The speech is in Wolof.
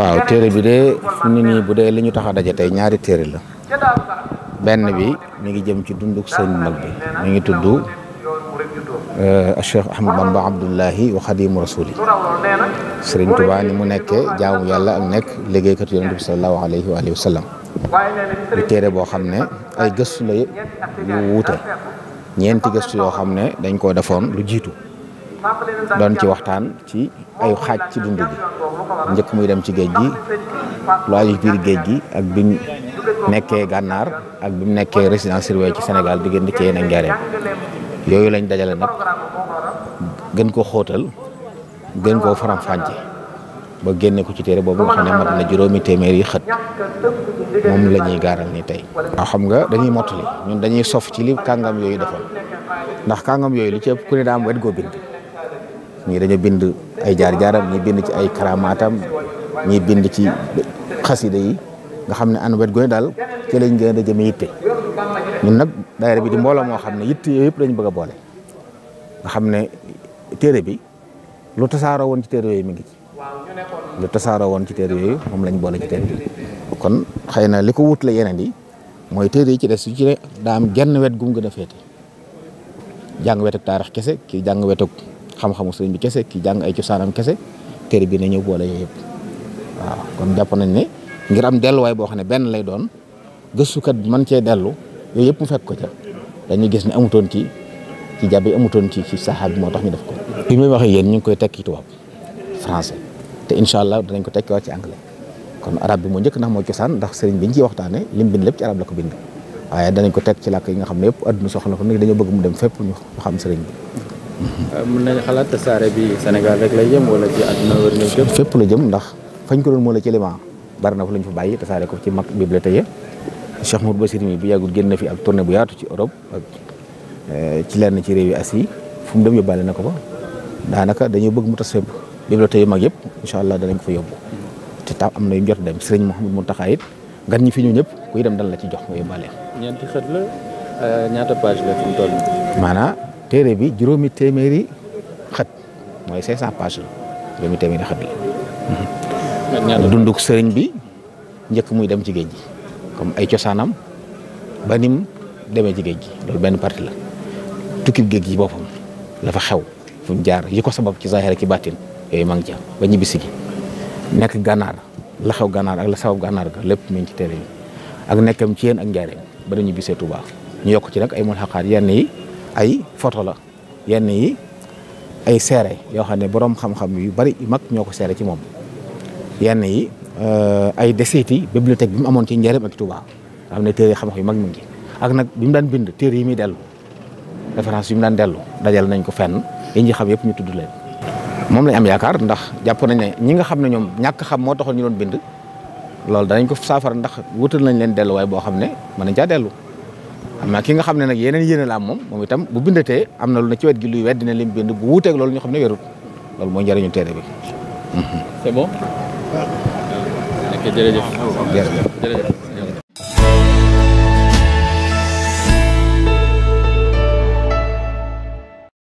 waaw téere bi de fu ne nii bu dee li ñu tax a daje tey ñaari téere la benn bi mi ngi jëm ci dunduk sëñ mag bi mi ngi tudd euh, Cheikh Ahmad Bamba Abdullahi wa Xadimu Rasuli Sëriñ Tuba ni mu nekkee jaamu yàlla ak nekk liggéeykat yonent bi sallallahu alayhi wa alihi wa sallam lu téere boo xam ne ay gëstu la yu wuute ñeenti gëstu yoo xam ne dañ koo defoon lu jiitu doon ci waxtaan ci ay xaaj ci dund gi njëkk muy dem ci géej gi lu aju biir géej gi ak bi nekkee gànnaar ak bi mu nekkee résidence surveillée ci Sénégal diggante ci yéen ak njaareen yooyu lañ dajale nag gën ko xóotal gën koo faram-fàcce ba génne ko ci téere boobu nga xam ne mat na juróomi téeméer yi xët moom la gaaral ni tey. waaw xam nga dañuy mottali ñun dañuy sof ci li kàngam yooyu defoon ndax kàngam yooyu li ci ëpp ku ne daa am wet goo bind ñii dañoo bind ay jaar-jaaram ñi bind ci ay karamaatam ñi bind ci xasida yi nga xam ne an wet gone daal ci lañ gën a jëme yitte ñun nag daayira bi di mbooloo moo xam ne yitte yooyu yëpp dañu bëgg boole xam ne téere bi lu tasaaroo woon ci téere yooyu mi ngi ci lu woon ci téere yooyu moom lañ boole ci kon xëy na li ko wutale yeneen yi mooy téere yi ci des su ci daa am genn wet gum gën a féete jàng wetuk kii jàng wetuk xam-xamu sëriñ bi kese ki jàng ay cosaanam kese téere bi na ñëw boole yooyu yëpp waaw kon jàpp nañ ne ngir am delluwaay boo xam ne benn lay doon gëstukat man cee dellu yooyu yëpp mu fekk ko ca dañuy gis ne amutoon ci ci jàbbi amutoon ci ci saxaab bi moo tax ñu def ko. bi muy waxee yéen ñu ngi koy français te incha allah danañ ko tekkiwaat ci anglais kon arab bi moo njëkk ndax mooy cosaan ndax sëriñ bi ñu ciy waxtaanee lim bind lépp ci arab la ko bind waaye danañ ko teg ci làkk yi nga xam ne yëpp adduna soxla ko nag dañoo bëgg mu dem fépp xam sëriñ bi. Euh, mën nañ xalaat saare bi Sénégal rek lay jëm wala ci àdduna wër nañ képp. fépp la jëm ndax fañ ko doon moo la ci limaa bari na fa lañ fa bàyyi tasaare ko ci mag bibliothèque Cheikh Mour Bassir mi bu yàggul génn na fi ak tournée bu yaatu ci Europe ak euh, ci lenn ci réew yi assi fu mu dem yóbbaale na ko fa daanaka dañoo bëgg muta tas fépp bibliothèque yu mag yëpp incha allah danañ ko fa yóbbu te tam am na yu jot dem sëriñ Mouhamadou Mountakha it gan ñi fi ñu ñëpp kuy dem dal la ci jox nga yóbbaale. ñeenti xët la euh, ñaata page la fi mu toll maanaam téere bi juróomi téeméeri xët mooy 500 pages la juróomi téeméeri xët la. dunduk sëriñ bi njëkk muy dem ci géej gi comme ay cosaanam ba nim demee ci géej gi loolu benn partie la tukki géej gi boppam la xew fu jaar yi ko sabab ci zahir ki bàttin yooyu maa ngi ci ba ñibbisi gi nekk gànnaar la xew gànnaar ak la sabab gànnaar ga lépp mu ngi ci téere bi ak nekkam ci yéen ak njaareem ba dañu ñibbisee Tuubaa ñu yokk ci nag ay mulxaqaat yenn yi ay photo la yenn yi ay seere yoo xam ne boroom xam-xam yu bari yu mag ñoo ko seere ci moom yenn yi euh, ay desiti bibliothèque bi mu amoon ci njëriñ ak xam ne téere xam yu mag mu ngi ak nag bi mu daan bind téere yi muy dellu référence yi mu daan dellu dajal nañ ko fenn yi ñi xam yëpp ñu tudd leen moom lañ am yaakaar ndax jàpp nañ ne ñi nga xam ne ñoom ñàkk xam moo taxoon ñu doon bind loolu danañ ko saafara ndax wutal nañ leen delluwaay boo xam ne mën nañ caa dellu am naa ki nga xam ne nag yeneen yéene la moom moom itam bu bindatee am na lu ne ci wet gi luy wet dina lim bind bu wuuteeg loolu ñu xam ne wérul loolu mooy njëriñu téere bi. c'est bon. Ah. ok